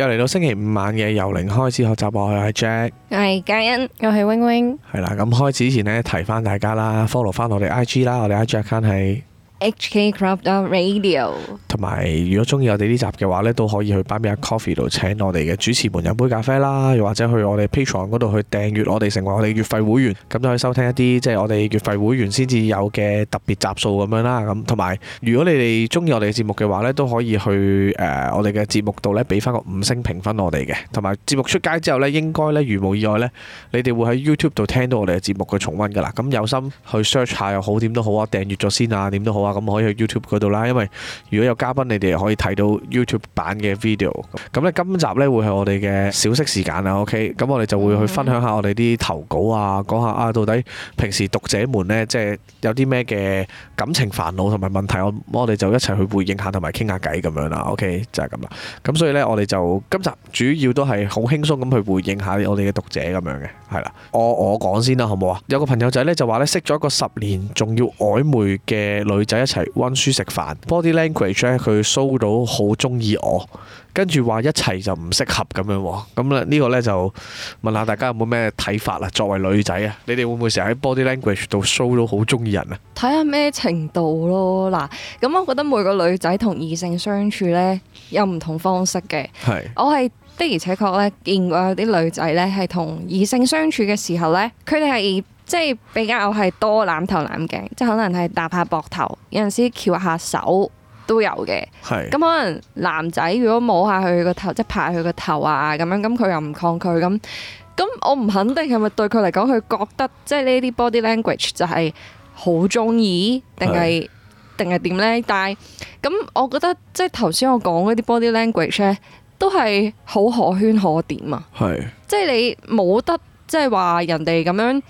又嚟到星期五晚嘅由零開始學習，我係阿 Jack，我係嘉欣，又係 wing wing，係啦。咁開始之前咧，提翻大家啦，follow 翻我哋 IG 啦，我哋 Jack 係 HK Crop Radio 同埋，如果中意我哋呢集嘅話咧，都可以去 Buy Me A Coffee 度請我哋嘅主持們飲杯咖啡啦，又或者去我哋 Patreon 度去訂閱我哋，成為我哋月費會員，咁就可以收聽一啲即係我哋月費會員先至有嘅特別集數咁樣啦。咁同埋，如果你哋中意我哋嘅節目嘅話咧，都可以去誒、呃、我哋嘅節目度咧俾翻個五星評分我哋嘅。同埋節目出街之後咧，應該咧如無意外咧，你哋會喺 YouTube 度聽到我哋嘅節目嘅重溫噶啦。咁有心去 search 下又好，點都好啊，訂閱咗先啊，點都好啊。咁可以去 YouTube 嗰度啦，因為如果有嘉賓，你哋可以睇到 YouTube 版嘅 video。咁咧，今集咧會係我哋嘅小息時間啊。OK，咁我哋就會去分享下我哋啲投稿啊，講下啊，到底平時讀者們咧，即係有啲咩嘅感情煩惱同埋問題，我我哋就一齊去回應下同埋傾下偈咁樣啦。OK，就係咁啦。咁所以咧，我哋就今集主要都係好輕鬆咁去回應下我哋嘅讀者咁樣嘅，係啦。我我講先啦，好唔好啊？有個朋友仔咧就話咧，識咗一個十年仲要曖昧嘅女仔。一齊温書食飯，body language 咧，佢 show 到好中意我，跟住話一齊就唔適合咁樣喎。咁咧呢個咧就問下大家有冇咩睇法啊？作為女仔啊，你哋會唔會成日喺 body language 度 show 到好中意人啊？睇下咩程度咯。嗱，咁我覺得每個女仔同異性相處咧，有唔同方式嘅。係是，我係的而且確咧見過有啲女仔咧係同異性相處嘅時候咧，佢哋係。即係比較係多攬頭攬頸，即係可能係搭下膊頭，有陣時翹下手都有嘅。咁是可能男仔如果摸下佢個頭，即係拍下佢個頭啊咁樣，咁佢又唔抗拒咁。咁我唔肯定係咪對佢嚟講，佢覺得即係呢啲 body language 就係好中意，定係定係點呢？是但係咁，我覺得即係頭先我講嗰啲 body language 呢，都係好可圈可點啊。係是即係你冇得即係話人哋咁樣。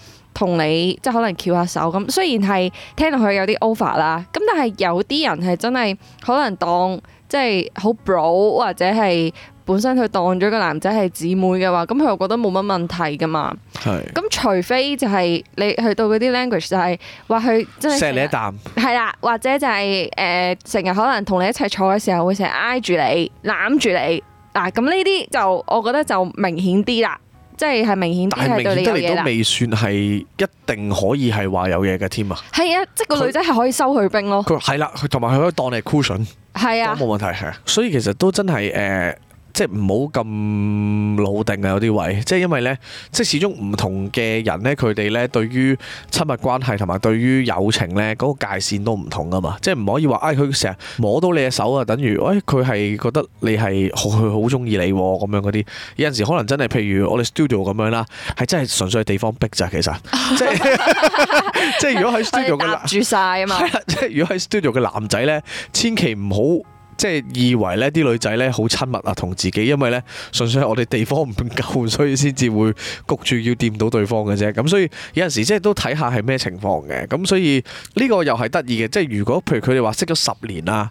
同你即係可能翹下手咁，雖然係聽落去有啲 over 啦，咁但係有啲人係真係可能當即係好 bro 或者係本身佢當咗個男仔係姊妹嘅話，咁佢又覺得冇乜問題噶嘛。係是，咁除非就係、是、你去到嗰啲 language 就係話佢真係錫你一啖。係啦，或者就係誒成日可能同你一齊坐嘅時候會成日挨住你攬住你嗱，咁呢啲就我覺得就明顯啲啦。即係係明顯啲係對你，但係明顯得嚟都未算係一定可以係話有嘢嘅添啊。係 啊，即係個女仔係可以收佢兵咯。佢係啦，佢同埋佢可以當你 cushion，是、啊、都冇問題。係啊，所以其實都真係誒。呃即係唔好咁老定啊！有啲位，即係因為呢，即係始終唔同嘅人呢，佢哋呢對於親密關係同埋對於友情呢嗰個界線都唔同噶嘛。即係唔可以話，唉，佢成日摸到你嘅手啊，等於，唉，佢係覺得你係佢好中意你咁樣嗰啲。有陣時可能真係，譬如我哋 studio 咁樣啦，係真係純粹係地方逼咋，其實。 即係如果喺 studio 嘅住曬啊嘛。即係如果喺 studio 嘅男仔呢，千祈唔好。即係以為呢啲女仔呢好親密啊，同自己，因為呢純粹係我哋地方唔夠，所以先至會焗住要掂到對方嘅啫。咁所以有陣時即係都睇下係咩情況嘅。咁所以呢個又係得意嘅。即係如果譬如佢哋話識咗十年啦，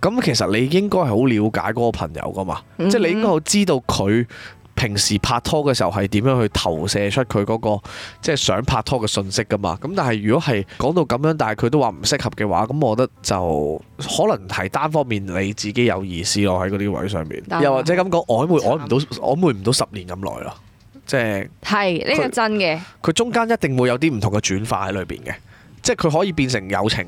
咁其實你應該係好了解嗰個朋友㗎嘛，即係、mm hmm. 你應該好知道佢。平時拍拖嘅時候係點樣去投射出佢嗰、那個即係想拍拖嘅信息㗎嘛？咁但係如果係講到咁樣，但係佢都話唔適合嘅話，咁我覺得就可能係單方面你自己有意思咯喺嗰啲位上面，當然 又或者咁講曖昧曖唔到曖昧唔到，到十年咁耐咯，即係係呢個真嘅。佢中間一定會有啲唔同嘅轉化喺裏邊嘅，即係佢可以變成友情，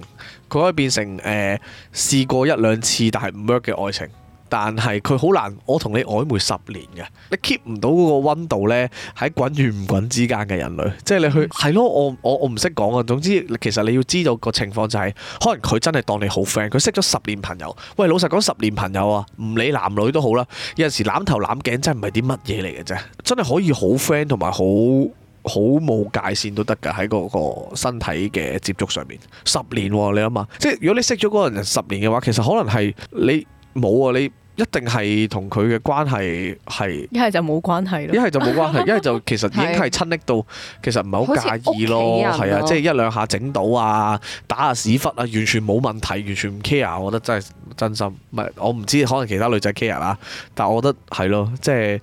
佢可以變成誒、呃、試過一兩次但係唔 work 嘅愛情。但係佢好難，我同你曖昧十年嘅，你 keep 唔到嗰個溫度呢，喺滾與唔滾之間嘅人類，即係你去係咯，我我唔識講啊。總之，其實你要知道個情況就係，可能佢真係當你好 friend，佢識咗十年朋友。喂，老實講，十年朋友啊，唔理男女都好啦。有陣時攬頭攬頸真係唔係啲乜嘢嚟嘅啫，真係可以好 friend 同埋好好冇界線都得噶，喺嗰個身體嘅接觸上面。十年，你諗下，即係如果你識咗嗰個人十年嘅話，其實可能係你。冇啊！你一定係同佢嘅關係係一係就冇關係咯，一係就冇關係，一係 就其實已經係親暱到，其實唔係好介意咯，係啊，即係一兩下整到啊，打下屎忽啊，完全冇問題，完全唔 care 我真真。我覺得真係真心唔係我唔知可能其他女仔 care 啦，但我覺得係咯，即係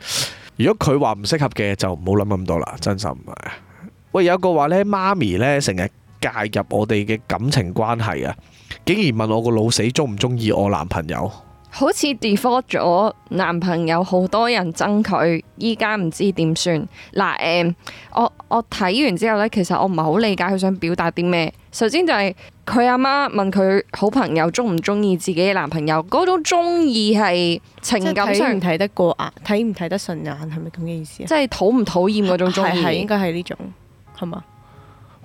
如果佢話唔適合嘅就唔好諗咁多啦。真心喂有個話咧，媽咪咧成日介入我哋嘅感情關係啊，竟然問我個老死中唔中意我男朋友。好似 default 咗男朋友，好多人憎佢，依家唔知點算嗱。誒，我我睇完之後咧，其實我唔係好理解佢想表達啲咩。首先就係佢阿媽問佢好朋友中唔中意自己嘅男朋友，嗰種中意係情感上睇得過眼、啊，睇唔睇得順眼，係咪咁嘅意思討討啊？即係討唔討厭嗰種中意，應該係呢種係嘛？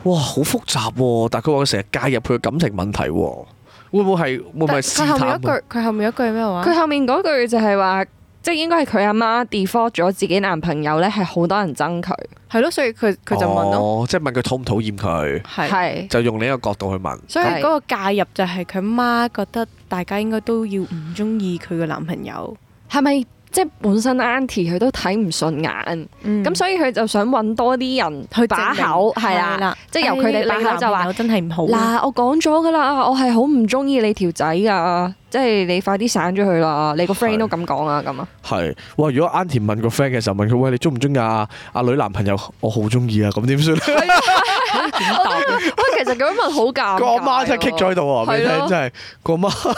哇，好複雜喎、啊！但係佢話佢成日介入佢嘅感情問題喎、啊。會唔會係會唔係試探佢後面一句佢、啊、後面一句咩話？佢後面嗰句，句就係話，即係應該係佢阿媽 default 咗自己男朋友咧，係好多人憎佢，係咯，所以佢佢就問咯、哦，即係問佢討唔討厭佢，係是就用呢一個角度去問。是所以嗰個介入就係佢媽覺得大家應該都要唔中意佢個男朋友，係咪？即係本身阿 aunty 佢都睇唔順眼，咁所以佢就想揾多啲人去把口，係啦，啊、即係由佢哋把口就話、哎、真係唔好、啊。嗱，我講咗噶啦，我係好唔中意你條仔啊！即係你快啲散咗佢啦！你個 friend 都咁講啊，咁啊。係，哇！如果阿 aunty 問個 friend 嘅時候問佢喂，你中唔中意阿阿女男朋友？我好中意啊！咁點算咧？啊哎、 我其實咁問好尷尬。個媽真係棘咗喺度啊！啊你睇真係個媽。了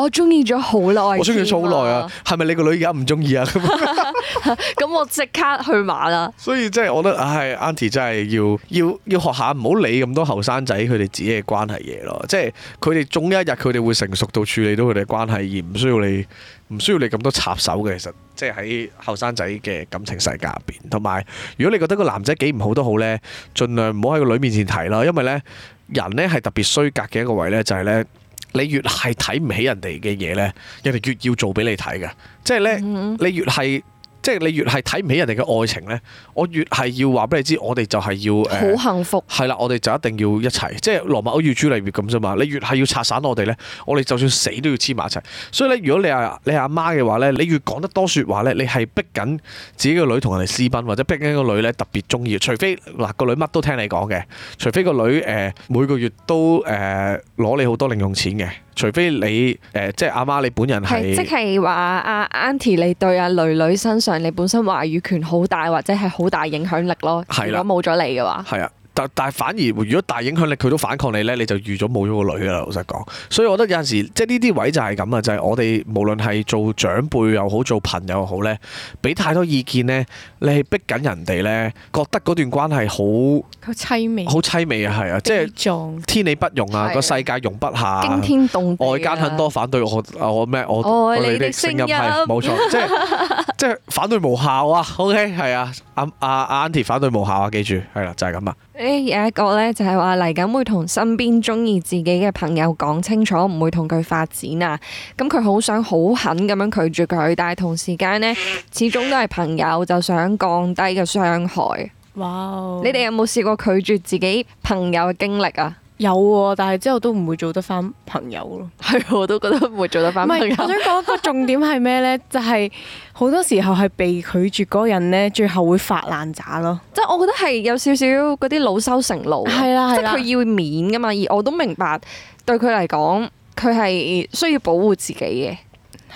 我中意咗好耐，我中意咗好耐啊！係咪、啊、你個女而家唔中意啊？咁 我即刻去馬啦！所以即係，我覺得唉，Aunty、哎、真係要要要學下唔好理咁多後生仔佢哋自己嘅關係嘢咯。即係佢哋中一日，佢哋會成熟到處理到佢哋關係，而唔需要你唔需要你咁多插手嘅。其實即係喺後生仔嘅感情世界入邊，同埋如果你覺得個男仔幾唔好都好呢，盡量唔好喺個女面前提啦，因為呢，人呢係特別衰格嘅一個位呢，就係呢。你越係睇唔起人哋嘅嘢呢，人哋越要做俾你睇㗎，即係呢，你越係。即係你越係睇唔起人哋嘅愛情呢，我越係要話俾你知，我哋就係要好、呃、幸福。係啦，我哋就一定要一齊。即係羅密歐與朱麗葉咁啫嘛。你越係要拆散我哋呢，我哋就算死都要黐埋一齊。所以咧，如果你係你阿媽嘅話呢，你越講得多説話呢，你係逼緊自己個女同人哋私奔，或者逼緊個女呢特別中意。除非嗱、呃、個女乜都聽你講嘅，除非個女誒、呃、每個月都誒攞、呃、你好多零用錢嘅。除非你誒、呃、即係阿媽你本人係即係話阿 Aunty 你對阿女女身上你本身話語權好大，或者係好大影響力咯。係啊，如果冇咗你嘅話，係啊。但但係反而，如果大影響力佢都反抗你咧，你就預咗冇咗個女㗎啦。老實講，所以我覺得有陣時即係呢啲位就係咁啊，就係我哋無論係做長輩又好，做朋友又好咧，俾太多意見咧，你係逼緊人哋咧，覺得嗰段關係好好悽美，好悽美啊，係啊，即係天理不容啊，個 kald 世界容不下，驚天動地，外間很多反對我我咩我女嘅聲音，冇錯， 即係即係反對無效啊，OK 係啊，阿阿阿 Auntie 反對無效啊，記住係啦、啊，就係咁啊。欸、有一個呢，就係話嚟緊會同身邊中意自己嘅朋友講清楚，唔會同佢發展啊。咁佢好想好狠咁樣拒絕佢，但係同時間呢，始終都係朋友，就想降低個傷害。Wow. 你哋有冇試過拒絕自己朋友嘅經歷啊？有喎、啊，但係之後都唔會做得翻朋友咯。係，我都覺得唔會做得翻朋友。唔係，我想講個重點係咩呢？ 就係好多時候係被拒絕嗰個人呢，最後會發爛渣咯。即係我覺得係有少少嗰啲惱羞成怒。係啦、啊。啊、即佢要面噶嘛，而我都明白對佢嚟講，佢係需要保護自己嘅。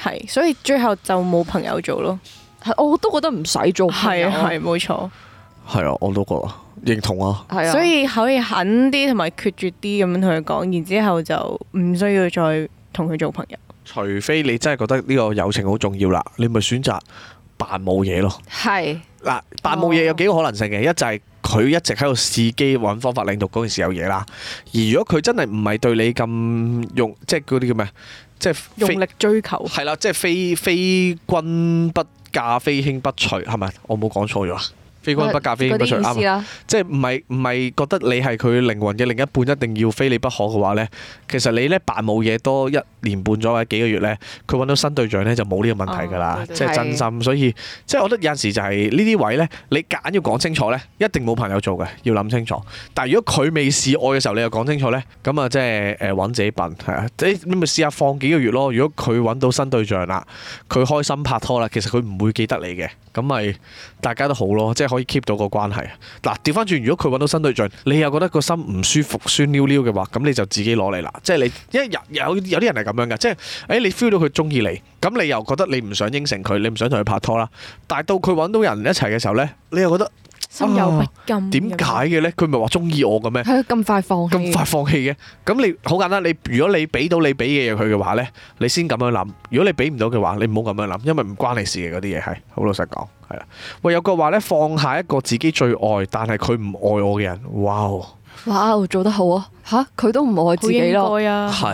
係、啊，所以最後就冇朋友做咯、啊。我都覺得唔使做朋友。係啊，係冇錯。係啊，我都覺。認同啊，所以可以狠啲同埋決絕啲咁樣同佢講，然之後就唔需要再同佢做朋友。除非你真係覺得呢個友情好重要是啦，你咪選擇扮冇嘢咯。係嗱，扮冇嘢有幾個可能性嘅，哦、一就係佢一直喺度試機揾方法令到嗰陣時有嘢啦。而如果佢真係唔係對你咁用，即係嗰啲叫咩，即係用力追求。係啦，即係非非君不嫁，非卿不娶，係咪？我冇講錯咗啊？非君不嫁，那非君不娶，啱，即係唔係唔係覺得你係佢靈魂嘅另一半，一定要非你不可嘅話呢？其實你呢，扮冇嘢多一年半左右或者幾個月呢，佢揾到新對象呢，就冇呢個問題㗎啦，哦、即係真心。是所以即係我覺得有陣時就係呢啲位呢，你夾硬要講清楚呢，一定冇朋友做嘅，要諗清楚。但係如果佢未示愛嘅時候，你又講清楚呢，咁啊即係誒揾自己笨係啊！你咪試下放幾個月咯。如果佢揾到新對象啦，佢開心拍拖啦，其實佢唔會記得你嘅，咁咪大家都好咯，即可以 keep 到個關係啊！嗱，調翻轉，如果佢揾到新對象，你又覺得個心唔舒服、酸溜溜嘅話，咁你就自己攞嚟啦。即係你，因為有有啲人係咁樣嘅，即係，誒，你 feel 到佢中意你，咁你又覺得你唔想應承佢，你唔想同佢拍拖啦。但係到佢揾到人一齊嘅時候呢，你又覺得心有不甘、啊，點解嘅呢？佢唔係話中意我嘅咩？係咁快放棄？咁快放棄嘅？咁你好簡單，你如果你俾到你俾嘅嘢佢嘅話呢，你先咁樣諗；如果你俾唔到嘅話，你唔好咁樣諗，因為唔關你事嘅嗰啲嘢係好老實講，係啦。喂，有個話呢：放下一個自己最愛但係佢唔愛我嘅人，哇哦，哇做得好啊！吓、啊，佢都唔愛自己咯，係、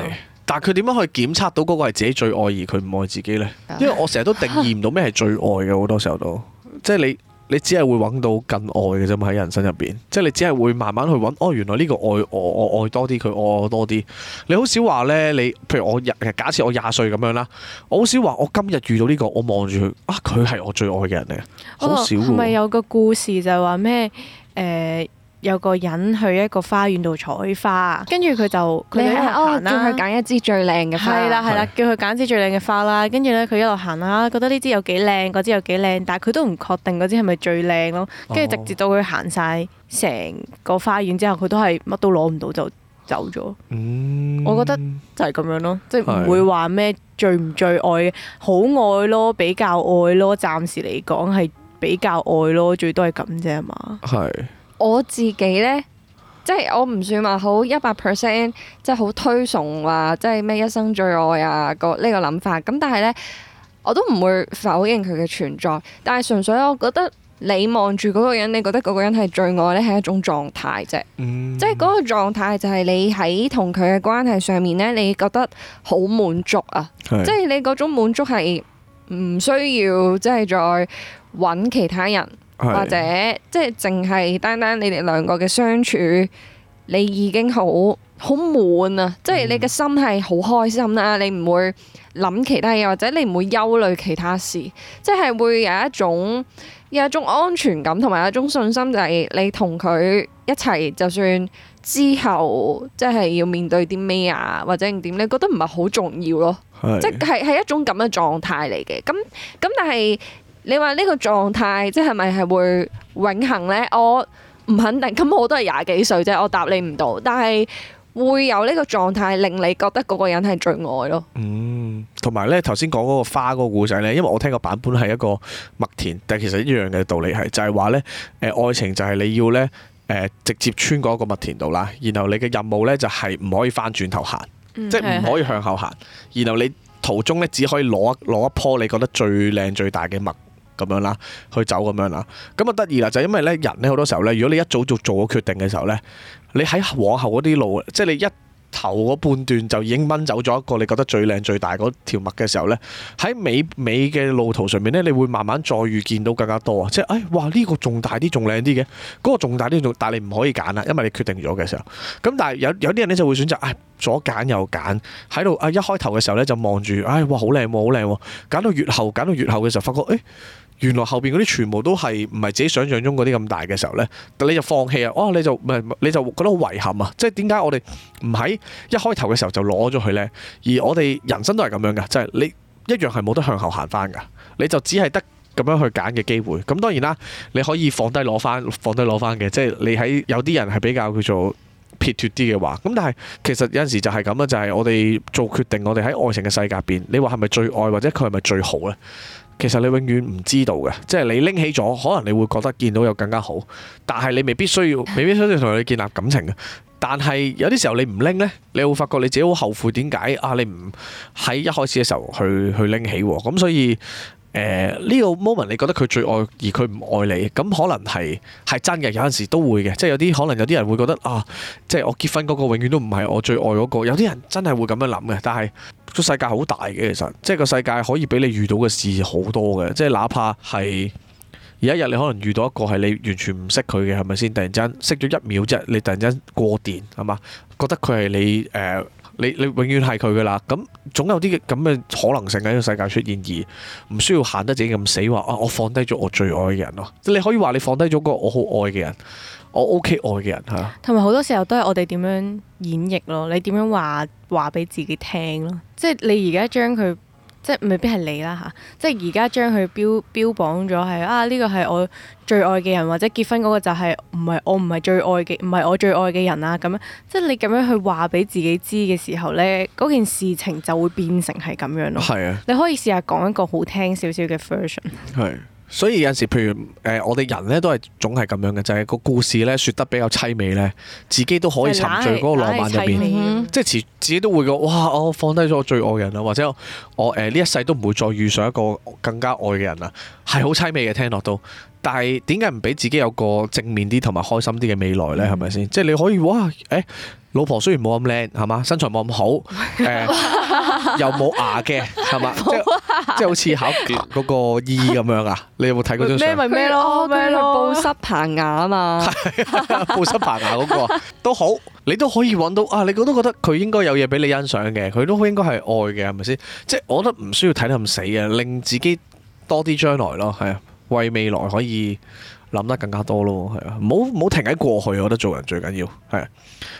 啊，但係佢點樣去檢測到嗰個係自己最愛而佢唔愛自己呢？因為我成日都定義唔到咩係最愛嘅，好多時候都即係你。你只係會揾到更愛嘅啫嘛喺人生入邊，即係你只係會慢慢去揾哦，原來呢個愛我我愛多啲佢愛我多啲。你好少話呢，你譬如我假設我廿歲咁樣啦，我好少話我今日遇到呢、呢個，我望住佢啊，佢係我最愛嘅人嚟嘅，好、哦、少唔係有個故事就話咩誒？呃有個人去一個花園度採花，跟住佢就佢、啊、哦，啦，佢揀一支最靚嘅花。係啦係啦，叫佢揀支最靚嘅花啦。跟住咧，佢一路行啦，覺得呢支有幾靚，嗰枝有幾靚，但係佢都唔確定嗰枝係咪最靚咯。跟住直接到佢行晒成個花園之後，佢都係乜都攞唔到就走咗。嗯、我覺得就係咁樣咯、啊，即係唔會話咩最唔最愛，嘅好愛咯，比較愛咯，暫時嚟講係比較愛咯，最多係咁啫嘛。係。我自己呢，即係我唔算話好一百 percent，即係好推崇話、啊、即係咩一生最愛啊、嗰個呢個諗法。咁但係呢，我都唔會否認佢嘅存在。但係純粹我覺得你望住嗰個人，你覺得嗰個人係最愛呢係一種狀態啫。嗯。即係嗰個狀態就係你喺同佢嘅關係上面呢，你覺得好滿足啊。係。即係你嗰種滿足係唔需要即係再揾其他人。或者即係淨係單單你哋兩個嘅相處，你已經好好滿啊！即係你嘅心係好開心啦，嗯、你唔會諗其他嘢，或者你唔會憂慮其他事，即係會有一種有一種安全感同埋一種信心，就係、是、你同佢一齊，就算之後即係要面對啲咩啊或者點，你覺得唔係好重要咯，是 即係係一種咁嘅狀態嚟嘅。咁咁但係。但你話呢個狀態即係咪係會永恆呢？我唔肯定。咁我都係廿幾歲啫，我答你唔到。但係會有呢個狀態令你覺得嗰個人係最愛咯。嗯，同埋呢頭先講嗰個花嗰個故仔呢，因為我聽個版本係一個麥田，但其實一樣嘅道理係就係、是、話呢誒、呃、愛情就係你要呢誒、呃、直接穿過一個麥田度啦，然後你嘅任務呢就係、是、唔可以翻轉頭行，嗯、即係唔可以向後行，是的 然後你途中呢，只可以攞一攞一樖你覺得最靚最大嘅麥。咁樣啦，去走咁樣啦，咁啊得意啦，就是、因為咧，人咧好多時候咧，如果你一早就做咗決定嘅時候咧，你喺往後嗰啲路，即係你一頭嗰半段就已經掹走咗一個你覺得最靚最大嗰條麥嘅時候咧，喺尾尾嘅路途上面咧，你會慢慢再遇見到更加多啊，即係誒、哎，哇呢、這個仲大啲，仲靚啲嘅，嗰、那個仲大啲，但係你唔可以揀啦，因為你決定咗嘅時候，咁但係有有啲人咧就會選擇誒、哎、左揀右揀，喺度啊一開頭嘅時候咧就望住，唉、哎，哇好靚喎好靚喎，揀、啊啊、到越後揀到越後嘅時候發覺誒。哎原來後邊嗰啲全部都係唔係自己想像中嗰啲咁大嘅時候呢，你就放棄啊！哇、哦，你就唔係你就覺得好遺憾啊！即係點解我哋唔喺一開頭嘅時候就攞咗佢呢？而我哋人生都係咁樣嘅，即、就、係、是、你一樣係冇得向後行翻噶，你就只係得咁樣去揀嘅機會。咁當然啦，你可以放低攞翻，放低攞翻嘅，即係你喺有啲人係比較叫做撇脱啲嘅話。咁但係其實有陣時就係咁啊，就係、是、我哋做決定，我哋喺愛情嘅世界邊，你話係咪最愛或者佢係咪最好呢？其實你永遠唔知道嘅，即係你拎起咗，可能你會覺得見到有更加好，但係你未必需要，未必需要同佢建立感情嘅。但係有啲時候你唔拎呢，你會發覺你自己好後悔，點解啊？你唔喺一開始嘅時候去去拎起喎，咁所以。呢、呃呢個 moment 你覺得佢最愛而佢唔愛你，咁可能係係真嘅，有陣時都會嘅，即係有啲可能有啲人會覺得啊，即係我結婚嗰個永遠都唔係我最愛嗰、嗰個，有啲人真係會咁樣諗嘅。但係、個世界好大嘅，其實即係個世界可以俾你遇到嘅事好多嘅，即係哪怕係有一日你可能遇到一個係你完全唔識佢嘅，係咪先？突然之間識咗一秒啫，你突然間過電係嘛？覺得佢係你誒。呃你你永遠係佢噶啦，咁總有啲咁嘅可能性喺呢個世界出現，而唔需要限得自己咁死話啊，我放低咗我最愛嘅人咯，你可以話你放低咗個我好愛嘅人，我 OK 愛嘅人吓。同埋好多時候都係我哋點樣演繹咯，你點樣話話俾自己聽咯。即係你而家將佢。即係未必係你啦嚇，即係而家將佢標標榜咗係，啊呢個係我最愛嘅人，或者結婚嗰個就係唔係我唔係最愛嘅唔係我最愛嘅人啦，啊。咁即係你咁樣去話俾自己知嘅時候呢，嗰件事情就會變成係咁樣咯。係啊，你可以試下講一個好聽少少嘅 version。係。所以有陣時，譬如誒、呃，我哋人咧都係總係咁樣嘅，就係、是、個故事咧説得比較凄美咧，自己都可以沉醉嗰個浪漫入面，嗯、即係自己都會覺得哇，我放低咗我最愛嘅人啦，或者我誒呢、呃、一世都唔會再遇上一個更加愛嘅人啊，係好凄美嘅，聽落都。但係點解唔俾自己有個正面啲同埋開心啲嘅未來咧？係咪先？即係你可以哇！誒、欸，老婆雖然冇咁靚係嘛，身材冇咁好、 呃、又冇牙嘅係嘛，沒牙 即係好似考嗰個 E 咁樣啊？你有冇睇嗰張相？咩咪咩咯，叫佢、啊、布濕棚牙啊嘛 布牙、那個，布濕棚牙嗰個都好，你都可以揾到啊！你我都覺得佢應該有嘢俾你欣賞嘅，佢都應該係愛嘅，係咪先？即係我覺得唔需要睇得咁死嘅，令自己多啲將來咯，係啊。為未來可以諗得更加多咯，係啊，唔好唔好停喺過去，我覺得做人最緊要係。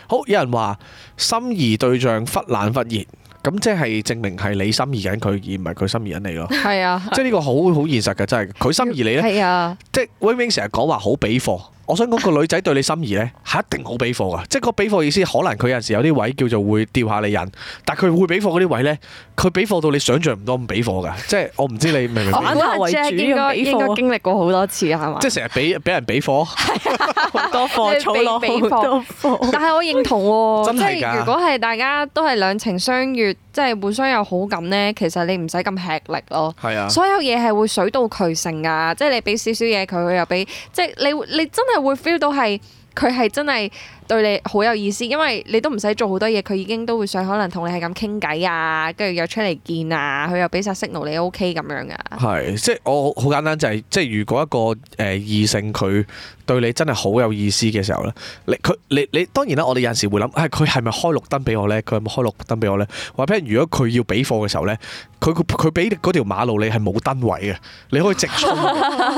好有人話心儀對象忽冷忽熱，咁即係證明係你心儀緊佢，而唔係佢心儀緊你咯。係啊的，即係呢個好好現實嘅，真係佢心儀你咧。係啊的，即係 Wing 成日講話好俾貨。我想講個女仔對你心意咧，係一定好俾貨噶，即係個俾貨意思，可能佢有陣時有啲位叫做會吊下你癮，但係佢會俾貨嗰啲位咧，佢俾貨到你想象唔到咁俾貨噶，即係我唔知你明唔明？我覺得 Jack 應該應該經歷過好多次係嘛？即係成日俾俾人俾貨，好多貨俾俾貨， 但係我認同喎、哦， 嗎即係如果係大家都係兩情相悅，即係互相有好感咧，其實你唔使咁吃力咯。的所有嘢係會水到渠成噶， 即係你俾少少嘢佢又俾，即係你你真係。會 feel 到係，佢係真係。對你好有意思，因為你都唔使做好多嘢，佢已經都會想可能同你係咁傾偈啊，跟住又出嚟見啊，佢又俾晒 signal 你 OK 咁樣噶。係，即係我好簡單就係、是，即係如果一個誒異、呃、性佢對你真係好有意思嘅時候咧，你佢你你當然啦，我哋有時會諗，誒佢係咪開綠燈俾我咧？佢係咪開綠燈俾我咧？話俾人，如果佢要俾貨嘅時候咧，佢佢俾嗰條馬路你係冇燈位嘅，你可以直衝，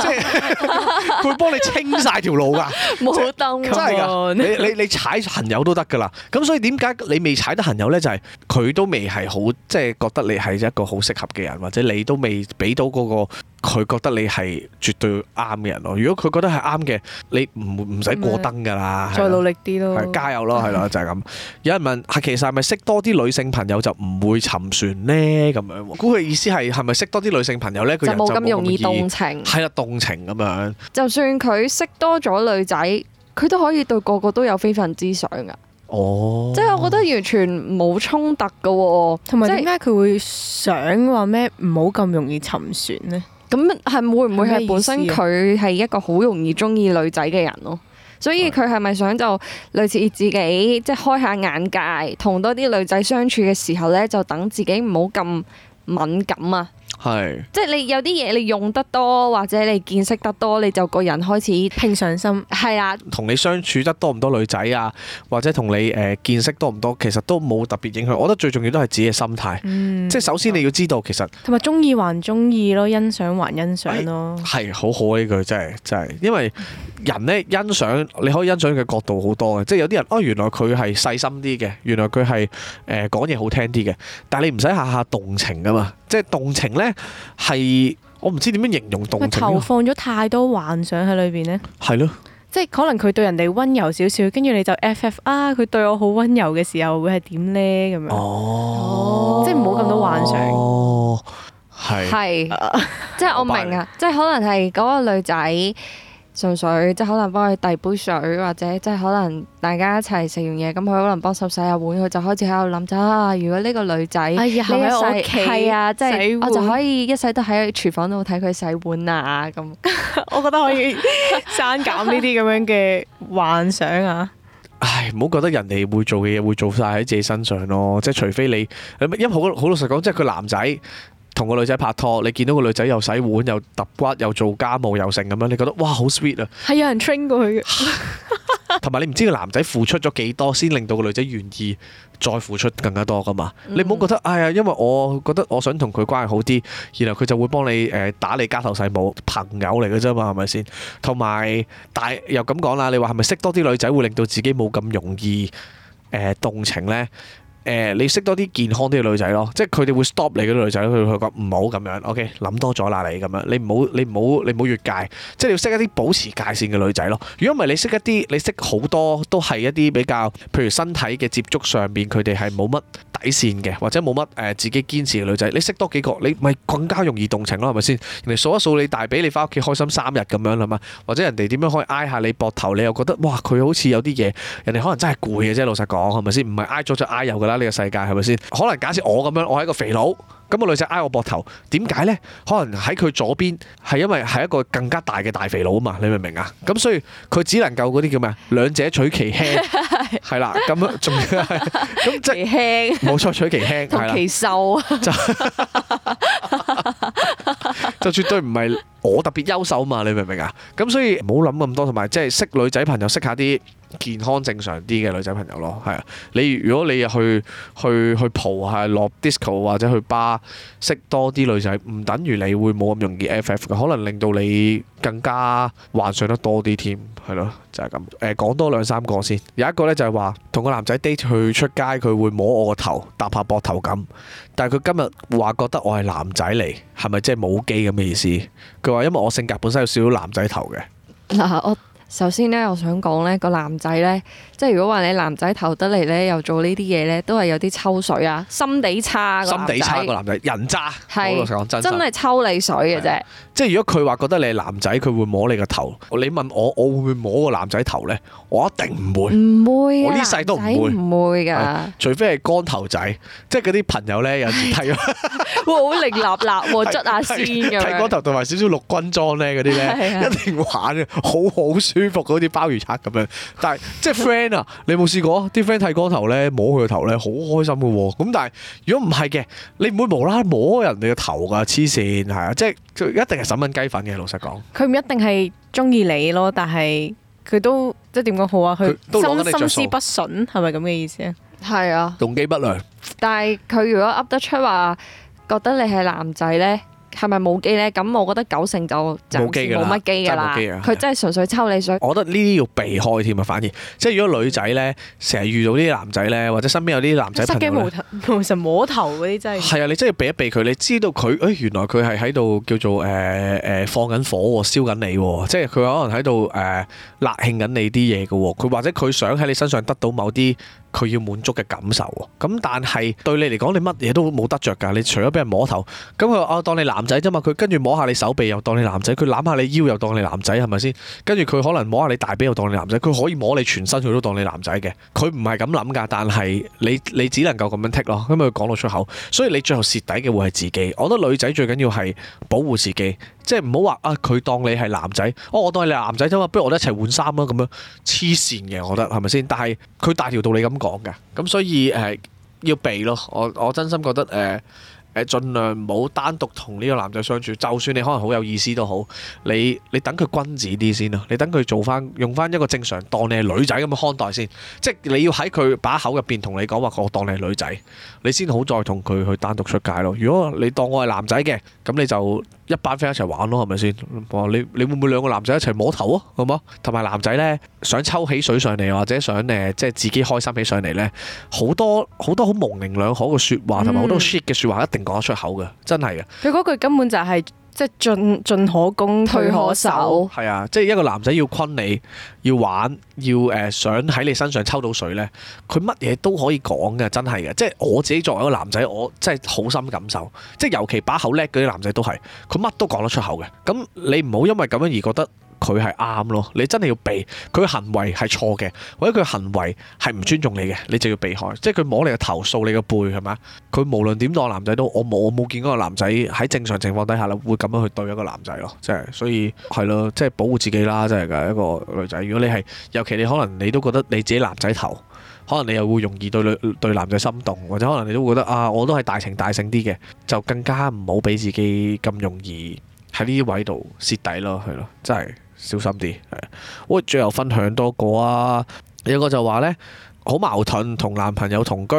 即係佢幫你清晒條路㗎，冇燈 真係你踩朋友都得㗎喇，咁所以點解你未踩得朋友呢？就係、是、佢都未係好，即係覺得你係一個好適合嘅人，或者你都未俾到嗰個佢覺得你係絕對啱嘅人咯。如果佢覺得係啱嘅，你唔唔使過燈㗎喇，是啊、再努力啲咯，係加油咯，係咯、啊，就係、是、咁。 有人問，「其實係咪識多啲女性朋友就唔會沉船呢？」咁樣，我估佢意思係係咪識多啲女性朋友呢？佢就冇咁容易動情，係啦，動情咁樣。就算佢識多咗女仔。佢都可以對個個都有非分之想噶，哦，即係我覺得完全冇衝突噶，同埋點解佢會想話咩唔好咁容易沉船呢？咁係會唔會係本身佢係一個好容易鍾意女仔嘅人咯？所以佢係咪想就類似自己即係、就是、開下眼界，同多啲女仔相處嘅時候呢，就等自己唔好咁敏感啊？係，是即係你有啲嘢你用得多，或者你見識得多，你就個人開始平常心係啊。同你相處得多唔多女仔啊，或者同你誒、呃、見識多唔多，其實都冇特別影響。我覺得最重要都係自己嘅心態，嗯、即係首先你要知道其實同埋中意還中意咯，欣賞還欣賞咯，哎，係好好呢句真係真係，因為人呢，欣賞你可以欣賞嘅角度好多，即係有啲人哦原來佢係細心啲嘅，原來佢係誒講嘢好聽啲嘅，但係你唔使下下動情㗎嘛。即係動情咧，係我唔知點樣形容動情。投放咗太多幻想喺裏邊咧，係咯。即係可能佢對人哋溫柔少少，跟住你就 FF 啊，佢對我好溫柔嘅時候會係點咧咁樣呢？哦，即係唔好咁多幻想。係係，即係我明啊， 即係可能係嗰個女仔。純粹即係可能幫佢遞杯水，或者即係可能大家一齊食完嘢，咁佢可能幫手洗下碗，佢就開始喺度諗就啊，如果呢個女仔留喺我屋企，啊、哎呦，即係我就可以一世都喺廚房度睇佢洗碗啊咁。 我覺得可以刪減呢啲咁樣嘅幻想啊。 唉，唔好覺得人哋會做嘅嘢會做晒喺自己身上咯。即係除非你，因為好好，好老實講，即係佢男仔。同個女仔拍拖，你見到個女仔又洗碗、又揼骨、又做家務、又成咁樣，你覺得哇好 sweet 啊！係有人 train 過佢，同 埋 你唔知個男仔付出咗幾多先令到個女仔願意再付出更加多噶嘛？嗯、你唔好覺得哎呀，因為我覺得我想同佢關係好啲，然後佢就會幫你誒、呃、打理你家頭細務，朋友嚟嘅啫嘛，係咪先？同埋但又咁講啦，你話係咪識多啲女仔會令到自己冇咁容易誒、呃、動情呢？誒，你識多啲健康啲嘅女仔咯，即係佢哋會 stop 你嗰啲女仔，佢佢講唔好咁樣，OK，諗多咗啦你咁樣，你唔好你唔好你唔好越界，即係你要識一啲保持界線嘅女仔咯。如果唔係你識一啲，你識好多都係一啲比較，譬如身體嘅接觸上邊，佢哋係冇乜底線嘅，或者冇乜誒自己堅持嘅女仔。你識多幾個，你咪更加容易動情咯，係咪先？人哋數一數你大髀，你翻屋企開心三日咁樣係嘛？或者人哋點樣可以挨下你膊頭，你又覺得哇佢好似有啲嘢，人哋可能真係攰嘅啫，老實講係咪先？唔係挨左就挨右㗎啦。呢個世界係咪先？可能假設我咁樣，我係一個肥佬，咁個女仔挨我膊頭，點解呢？可能喺佢左邊，係因為係一個更加大嘅大肥佬啊嘛，你明唔明啊？咁所以佢只能夠嗰啲叫咩啊？兩者取其輕，係啦， 咁樣仲要係咁即係冇錯，取其輕係啦，同其瘦啊。了 就絕對唔係我特別優秀嘛，你明唔明啊？咁所以唔好諗咁多，同埋即係識女仔朋友，識下啲健康正常啲嘅女仔朋友咯，係啊。你如果你入去去去蒲下落 disco 或者去巴，識多啲女仔，唔等於你會冇咁容易 ff 嘅，可能令到你更加幻想得多啲添。係咯，就係、是、咁。誒、呃，講多兩三個先。有一個咧，就係、是、話，同個男仔 date 去出街，佢會摸我個頭，搭下膊頭咁。但係佢今日話覺得我係男仔嚟，係咪即係冇機咁嘅意思？佢話因為我性格本身有少少男仔頭嘅。嗱、啊，我。首先咧，我想講咧個男仔咧，即係如果話你男仔頭得嚟咧，又做呢啲嘢咧，都係有啲抽水啊，心地差，心地差個男仔，人渣，我老實講，真係抽你水嘅啫。即係如果佢話覺得你係男仔，佢會摸你個頭。你問我，我會唔會摸個男仔頭咧？我一定唔會，唔會，我呢世都唔會，唔會㗎。除非係光頭仔，即係嗰啲朋友咧有時睇我好凌立立喎，執下先㗎。睇光頭同埋少少陸軍裝咧，嗰啲咧一定玩嘅，好好舒服嗰啲鮑魚刷咁樣，但係即係 friend 啊！你有冇試過啲 friend 剃光頭咧，摸佢個頭咧，好開心噶喎！咁但係如果唔係嘅，你唔會無啦啦摸人哋個頭噶，黐線係啊！即係佢一定係審問雞粉嘅，老實講。佢唔一定係中意你咯，但係佢都即係點講好啊？佢心心思不純係咪咁嘅意思啊？係啊，動機不良。但係佢如果噏得出話，覺得你係男仔咧。係咪冇機咧？咁我覺得九成就冇機噶啦，佢真係純粹抽你水。我覺得呢啲要避開添啊，反而即係如果女仔咧，成日遇到啲男仔咧，或者身邊有啲男仔朋友，失驚無頭，無神摸頭嗰啲真係。係啊，你真係避一避佢，你知道佢，誒、哎、原來佢係喺度叫做誒誒、呃呃、放緊火喎，燒緊你喎，啊，即係佢可能喺度誒焫㷫緊你啲嘢嘅喎，佢或者佢想喺你身上得到某啲，佢要滿足嘅感受喎，咁但係對你嚟講，你乜嘢都冇得着㗎，你除咗俾人摸頭，咁佢哦當你男仔啫嘛，佢跟住摸下你手臂又當你男仔，佢攬下你腰又當你男仔，係咪先？跟住佢可能摸下你大髀又當你男仔，佢可以摸你全身佢都當你男仔嘅，佢唔係咁諗㗎，但係你你只能夠咁樣 take 咯，因為佢講到出口，所以你最後蝕底嘅會係自己。我覺得女仔最緊要係保護自己。即係唔好話啊，佢當你係男仔，哦，我當你係男仔啫嘛，不如我哋一齊換衫啦，咁樣黐線嘅，我覺得，係咪先？但係佢大條道理咁講嘅，咁所以誒、呃、要避咯。我我真心覺得誒誒盡量唔好單獨同呢個男仔相處，就算你可能好有意思都好，你你等佢君子啲先咯，你等佢做翻用翻一個正常當你係女仔咁樣看待先，即係你要喺佢把口入邊同你講話，我當你係女仔，你先好再同佢去單獨出街咯。如果你當我係男仔嘅，咁你就。一班 friend 一齊玩咯，係咪先？你你會唔會兩個男仔一齊摸頭啊？好唔好？同埋男仔呢，想抽起水上嚟，或者想誒、呃、即係自己開心起上嚟呢。好多好多好模棱兩可嘅說話，同埋好多 shit 嘅說話，一定講得出口嘅，真係啊！佢嗰句根本就係、是。即係進進可攻退可守，係啊！即係一個男仔要昆你，要玩，要誒、呃、想喺你身上抽到水呢，佢乜嘢都可以講嘅，真係嘅。即係我自己作為一個男仔，我真係好深感受。即係尤其把口叻嗰啲男仔都係，佢乜都講得出口嘅。咁你唔好因為咁樣而覺得。佢係啱咯，你真係要避，佢行為係錯嘅，或者佢行為係唔尊重你嘅，你就要避開。即係佢摸你嘅頭，掃你個背係咪？佢無論點當男仔都，我冇我冇見嗰個男仔喺正常情況底下啦，會咁樣去對一個男仔咯。即係，所以係咯，即係保護自己啦，真係嘅一個女仔。如果你係尤其你可能你都覺得你自己男仔頭，可能你又會容易對女對男仔心動，或者可能你都會覺得啊，我都係大情大性啲嘅，就更加唔好俾自己咁容易喺呢啲位度蝕底咯，係咯，真係。小心啲，喂！最後分享多個啊，有個就話呢，好矛盾，同男朋友同居，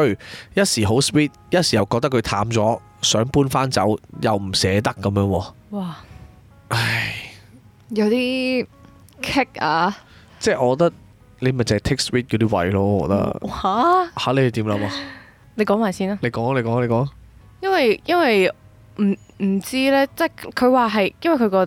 一時好 sweet，一時又覺得佢淡咗，想搬返走，又唔捨得咁樣喎、啊。哇！唉，有啲棘啊！即係我覺得你咪淨係 take sweet 嗰啲位咯，我覺得。嚇你哋點諗啊？你講埋先啦。你講，你講，你講。因為因為唔唔知呢，即係佢話係因為佢個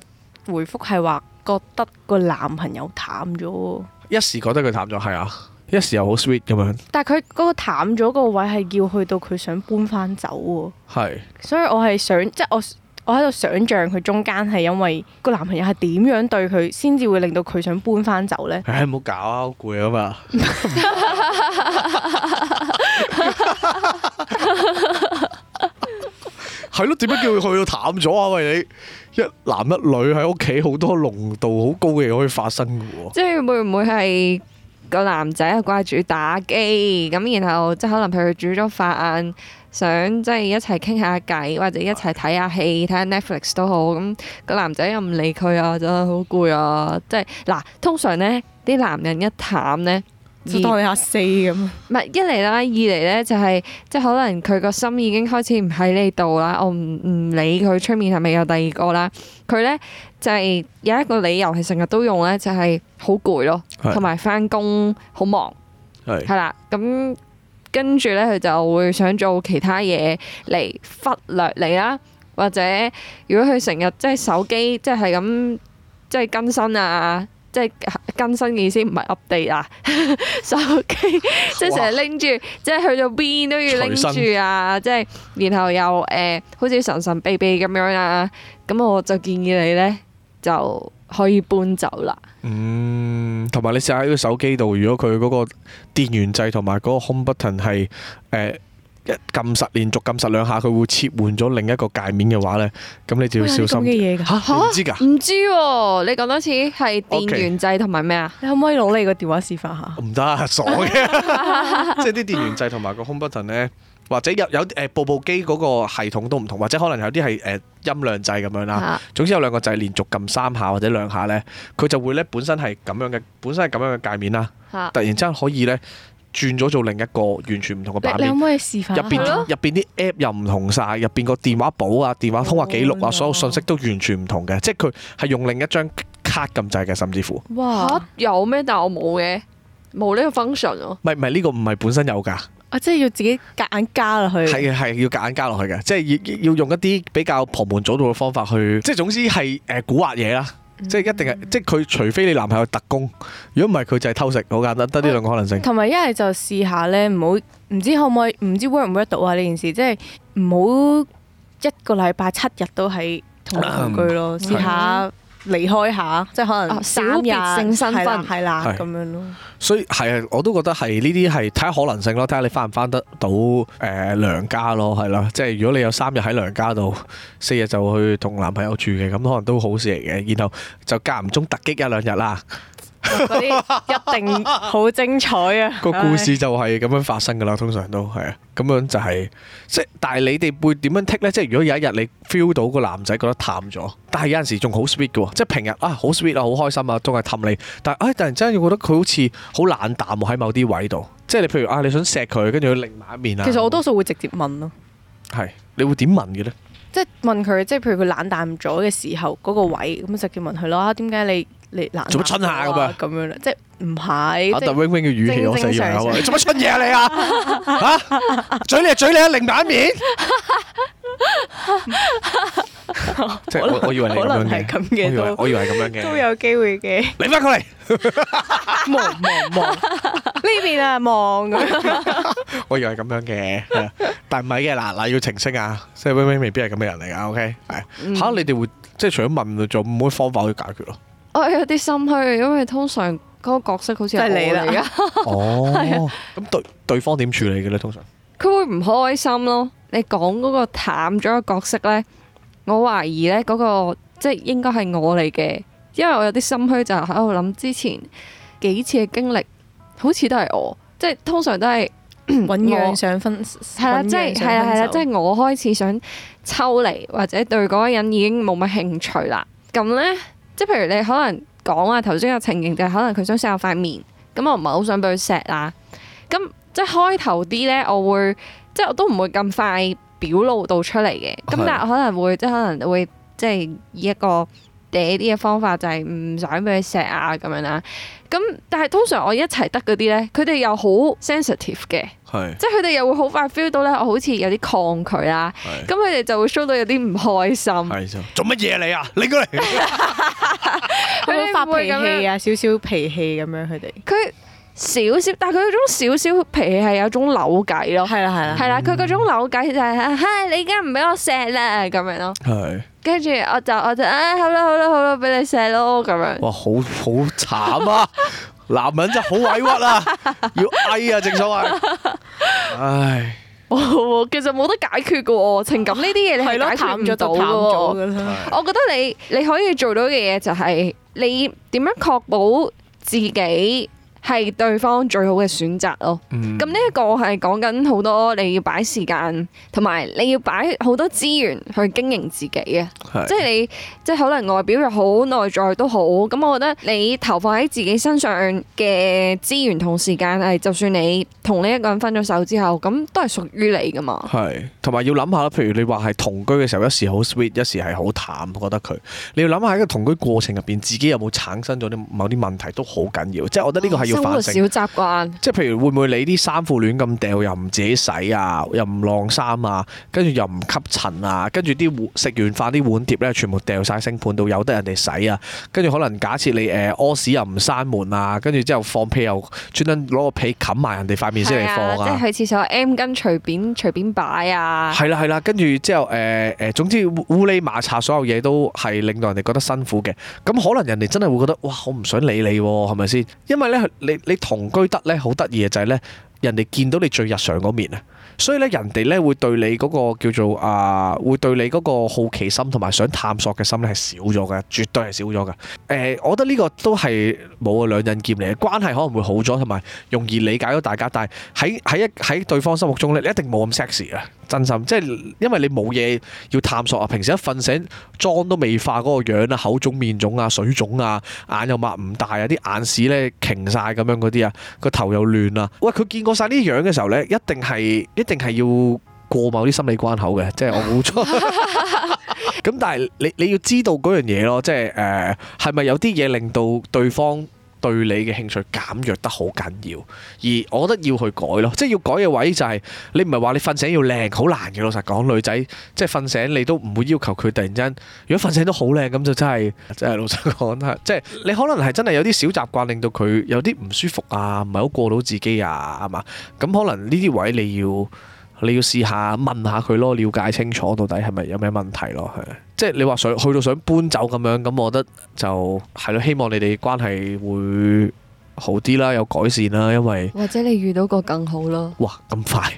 回覆係話。覺得個男朋友淡咗，一時覺得佢淡咗，係啊，一時又好 sweet 咁樣。但係佢嗰個淡咗個位係要去到佢想搬翻走喎，係是。所以我係想，即係我我喺度想象佢中間係因為個男朋友係點樣對佢先至會令到佢想搬翻走呢？唉、哎，唔好搞啊，好攰啊嘛。 係咯，點解叫佢去到淡咗啊？喂，你一男一女喺屋企好多濃度好高嘅嘢可以發生嘅喎，即係會唔會係個男仔啊？掛住打機咁，然後即係可能譬如佢煮咗飯，想即係一齊傾下偈，或者一齊睇下戲，睇下 Netflix 都好咁。個男仔又唔理佢啊，真係好攰啊！即係嗱，通常呢啲男人一淡呢。就當你阿四咁，唔係一嚟啦，二嚟咧就係、是、即係可能佢個心已經開始唔喺你度啦，我唔唔理佢出面係咪有第二個啦。佢咧就係、是、有一個理由係成日都用咧，就係好攰咯，同埋返工好忙係係是啦。咁跟住咧佢就會想做其他嘢嚟忽略你啦，或者如果佢成日即係手機即係咁即係更新啊，即係。更新嘅意思唔係 update 啊， 手機哇 即係成日拎住，即係去到邊都要拎住啊！隨身 即係然後又誒、呃，好似神神秘秘咁樣啊！咁我就建議你咧，就可以搬走啦。嗯，同埋你試下喺個手機度，如果佢嗰個電源掣同埋嗰個 home button 係誒，呃一撳實連續撳實兩下，佢會切換咗另一個界面嘅話咧，咁你就要小心啲。嘢嚇唔知㗎？唔知喎，你講多次係電源掣同埋咩啊？你，Okay. 你可唔可以攞你個電話示範下？唔得， 傻嘅。 即係啲電源掣同埋個 home button 咧，或者有有誒部部機嗰個系統都唔同，或者可能有啲係誒音量掣咁樣啦。總之有兩個掣連續撳三下或者兩下咧，佢就會咧本身係咁樣嘅，本身係咁樣嘅界面啦。 突然之間可以咧。轉咗做另一個完全唔同嘅版面，入邊入邊啲 app 又唔同晒，入邊個電話簿啊、電話通話記錄啊、哇所有信息都完全唔同嘅，即係佢係用另一張卡咁滯嘅，甚至乎吓哇、啊、有咩？但我冇嘅，冇呢個 function 哦、啊。唔係唔係呢個唔係本身有噶，啊，即係要自己夾硬加落去，係係要夾硬加落去嘅，即係要要用一啲比較旁門左道嘅方法去，即係總之係誒古惑嘢啦。即係一定係，即係佢除非你男朋友特工，如果唔係佢就係偷食，好簡單，得呢兩個可能性。同埋一係就試下咧，唔好，唔知可唔可以，唔知 work 唔 work 到啊呢件事，即係唔好一個禮拜七日都喺同居咯，嗯、試下。離開下，即係可能、啊、三日係啦，咁樣咯。所以係啊，我都覺得係呢啲係睇下可能性咯，睇下你返唔返得到誒、呃、娘家咯，係咯。即係如果你有三日喺娘家度，四日就去同男朋友住嘅，咁可能都好事嚟嘅。然後就間唔中突擊一兩日啦。啲 一定好精彩啊！個 吧故事就係咁樣發生噶啦，通常都係啊，咁樣就係、是、即係，但係你哋會點樣剔咧？即係如果有一日你 feel 到個男仔覺得淡咗，但係有陣時仲好 sweet 噶，即係平日啊好 sweet 啊，好開心啊，都係氹你，但係誒、哎、突然之間又覺得佢好似好冷淡喎，喺某啲位度，即係你譬如啊，你想錫佢，跟住佢擰埋一面啊。其實我多數會直接問咯，係你會點問嘅咧？即係問佢，即係譬如佢冷淡咗嘅時候嗰、那個位，咁直接問佢咯，點解你？你嗱，做乜春下咁啊？咁樣咧，即係唔係？我特 Wing Wing 嘅語氣，我寫咗嚇。你做乜春嘢啊？你啊嚇！嘴你係嘴你啊，另外一面。即係我，我以為你可能係咁嘅都，我以為係咁樣嘅，都有機會嘅。你翻佢嚟望望望呢邊啊！望咁。我以為咁樣嘅，但係唔係嘅嗱嗱要澄清啊！即係 Wing Wing 未必係咁嘅人嚟噶，OK 係嚇。你哋會即係除咗問，仲冇乜方法去解決咯？我有啲心虛，因為通常嗰個角色好似係你嚟㗎。哦，咁、 啊、對對方點處理嘅咧？通常佢會唔開心咯。你講嗰個淡咗嘅角色咧，我懷疑咧、那、嗰個即係應該係我嚟嘅，因為我有啲心虛，就喺度諗之前幾次嘅經歷，好似都係我，即係通常都係搵我想分，係啦我，即係係啦，係啦、啊、即、就、係、是啊就是、我開始想抽離，或者對嗰個人已經冇乜興趣啦。咁咧。即係譬如你可能講話頭先嘅情形，就係可能佢想錫我塊面，咁我唔係好想俾佢錫啊。咁即係開頭啲咧，我會即係我都唔會咁快表露到出嚟嘅。咁、oh、但係可能會即係可能會即係以一個嗲啲嘅方法就係唔想俾佢錫啊咁樣啦，咁但係通常我一齊得嗰啲咧，佢哋又好 sensitive 嘅，係，即係佢哋又會好快 feel 到咧，我好似有啲抗拒啊，咁佢哋就會 show 到有啲唔開心，係做乜嘢你啊，你過嚟 ，佢會發脾氣啊，小小氣少少脾氣咁樣佢哋，佢少少，但係佢嗰種少少脾氣係有種扭計咯，係啦係啦，係啦、嗯，佢嗰種扭計就係、是，唉、啊，你而家唔俾我錫啦咁樣咯的，係了。跟住我就我就唉、哎、好啦好啦好啦，俾你錫咯，咁樣哇，好好慘啊 男人真係好委屈啊 要哀啊，正所謂唉 其實冇得解決噶喎，情感呢啲嘢，你係解決唔到噶喎。我覺得你你可以做到嘅嘢就係、是、你點樣確保自己。係對方最好嘅選擇咯。咁呢一個係講緊好多，你要擺時間，同埋你要擺好多資源去經營自己嘅。係。即係你，即係可能外表又好，內在都好。咁我覺得你投放喺自己身上嘅資源同時間，係就算你同呢一個人分咗手之後，咁都係屬於你㗎嘛。係，同埋要諗下譬如你話係同居嘅時候，一時好 sweet，一時係好淡，我覺得佢。你要諗下喺一個同居過程入邊，自己有冇產生咗啲某啲問題，都好緊要。即係我覺得呢個係要。個小習慣，即係譬如會唔會你啲衫褲亂咁掉，又唔自己洗啊，又唔晾衫啊，跟住又唔吸塵啊，跟住啲碗食完飯啲碗碟咧，全部掉晒，星盤度，由得人哋洗啊。跟住可能假設你誒屙、呃、屎又唔閂門啊，跟住之後放屁又專登攞個屁冚埋人哋塊面先嚟放啊，啊即係去廁所 M 巾隨便隨便擺啊。係啦係啦，跟住之後誒誒、呃，總之烏哩馬茶所有嘢都係令到人哋覺得辛苦嘅。咁可能人哋真係會覺得哇，我唔想理你喎，係咪先？因為咧。你你同居得呢，好得意嘅就係呢，人哋見到你最日常嗰面啊，所以呢，人哋呢會對你嗰個叫做啊、呃，會對你嗰個好奇心同埋想探索嘅心呢係少咗噶絕對係少咗噶誒、呃，我覺得呢個都係冇兩刃劍嚟嘅，關係可能會好咗，同埋容易理解到大家，但係喺喺一喺對方心目中呢，你一定冇咁 sexy 噶。真心，即係因為你冇嘢要探索啊！平時一瞓醒妝都未化，嗰個樣啊，口腫、面腫啊、水腫啊，眼又擘唔大啊，啲眼屎咧鯨曬咁樣嗰啲啊，個頭又亂啊！喂，佢見過晒呢樣嘅時候咧，一定係一定係要過某啲心理關口嘅，即係我冇錯。咁 但係你你要知道嗰樣嘢咯，即係誒係咪有啲嘢令到對方，對你嘅興趣減弱得好緊要，而我覺得要去改咯，即係要改嘅位就係你唔係話你瞓醒要靚好難嘅，老實講，女仔即係瞓醒你都唔會要求佢突然間，如果瞓醒都好靚咁就真係，即係老實講，即係你可能係真係有啲小習慣令到佢有啲唔舒服啊，唔係好過到自己啊，係嘛？咁可能呢啲位你要。你要試下問下佢咯，了解清楚到底係咪有咩問題咯，係。即係你話想去到想搬走咁樣，咁我覺得就係咯，希望你哋關係會好啲啦，有改善啦，因為或者你遇到個更好咯。哇，咁快，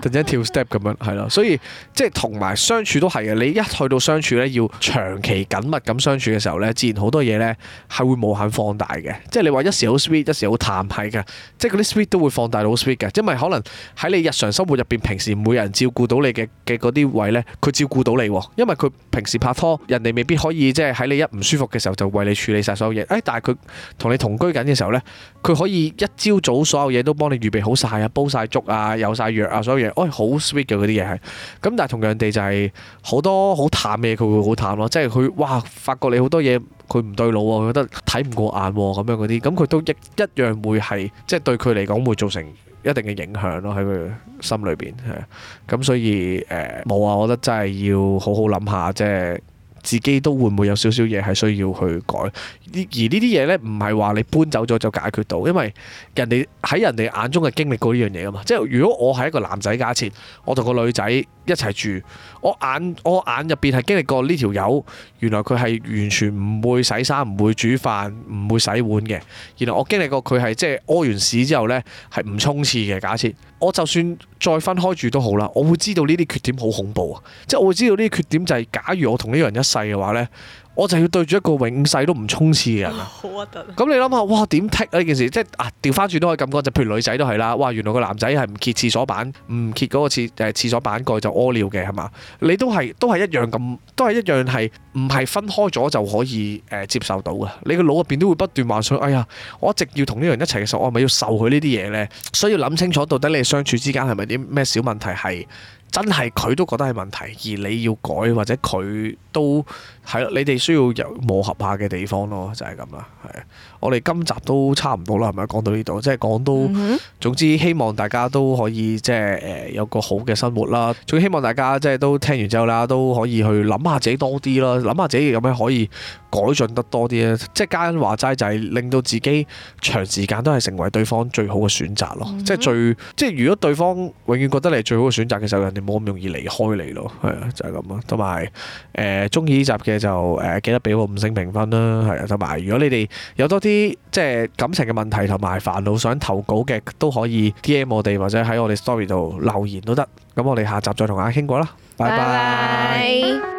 突然間跳 step 咁 樣，係咯，所以即係同埋相處都係嘅。你一去到相處咧，要長期緊密咁相處嘅時候咧，自然好多嘢咧係會無限放大嘅。即係你話一時好 sweet，一時好淡，係嘅，即係啲 sweet 都會放大到好 sweet 嘅，因為可能喺你日常生活入邊平時唔會有人照顧到你嘅嘅啲位咧，佢照顧到你。因為佢平時拍拖，人哋未必可以即係喺你一唔舒服嘅時候就為你處理晒所有嘢。誒，但係佢同你同居緊嘅。時候咧，佢可以一朝早所有嘢都幫你預備好晒啊，煲晒粥啊，有晒藥啊，所有嘢，哎，好 sweet 嘅嗰啲嘢係。咁但係同樣地就係、是、好多好淡嘅嘢，佢會好淡咯，即係佢哇，發覺你好多嘢佢唔對路，佢覺得睇唔過眼咁樣嗰啲，咁佢都一一樣會係，即、就、係、是、對佢嚟講會造成一定嘅影響咯喺佢心裏邊係。咁所以誒冇、呃、啊，我覺得真係要好好諗下即係。自己都會唔會有少少嘢係需要去改？而呢啲嘢呢，唔係話你搬走咗就解決到，因為人哋喺人哋眼中係經歷過呢樣嘢㗎嘛。即係如果我係一個男仔假設，我同個女仔，一齊住，我眼我眼入邊係經歷過呢條友，原來佢係完全唔會洗衫、唔會煮飯、唔會洗碗嘅。原來我經歷過佢係即係屙完屎之後呢係唔沖廁嘅。假設我就算再分開住都好啦，我會知道呢啲缺點好恐怖啊！即係我會知道呢啲缺點就係，假如我同呢個人一世嘅話呢。我就要對住一個永世都唔沖廁嘅人啊！好核突。咁你諗下，哇點踢呢件事？即係啊調翻轉都可以咁講，就譬如女仔都係啦。哇，原來個男仔係唔揭廁所板，唔揭嗰個廁所板蓋就屙尿嘅，係嘛？你都係都係一樣咁，都係一樣係唔係分開咗就可以誒接受到嘅？你個腦入邊都會不斷幻想。哎呀，我一直要同呢個人一齊嘅時候，我係咪要受佢呢啲嘢呢？所以要諗清楚，到底你哋相處之間係咪啲咩小問題係，真係佢都覺得係問題，而你要改或者佢都係咯，你哋需要有磨合下嘅地方咯，就係咁啦。係我哋今集都差唔多啦，係咪講到呢度？即係講到。嗯哼，總之希望大家都可以即係誒有個好嘅生活啦。總之希望大家即係都聽完之後啦，都可以去諗下自己多啲啦，諗下自己有咩可以。改進得多啲咧，即係家欣話齋就係令到自己長時間都係成為對方最好嘅選擇咯、嗯哼。即係最即係如果對方永遠覺得你係最好嘅選擇嘅時候，人哋冇咁容易離開你咯。係啊，呃、就係咁咯。同埋誒中意呢集嘅就誒記得俾個五星評分啦。係啊，同埋如果你哋有多啲即係感情嘅問題同埋煩惱想投稿嘅都可以 D M 我哋或者喺我哋 story 度留言都得。咁我哋下集再同阿傾過啦。拜拜。Bye bye.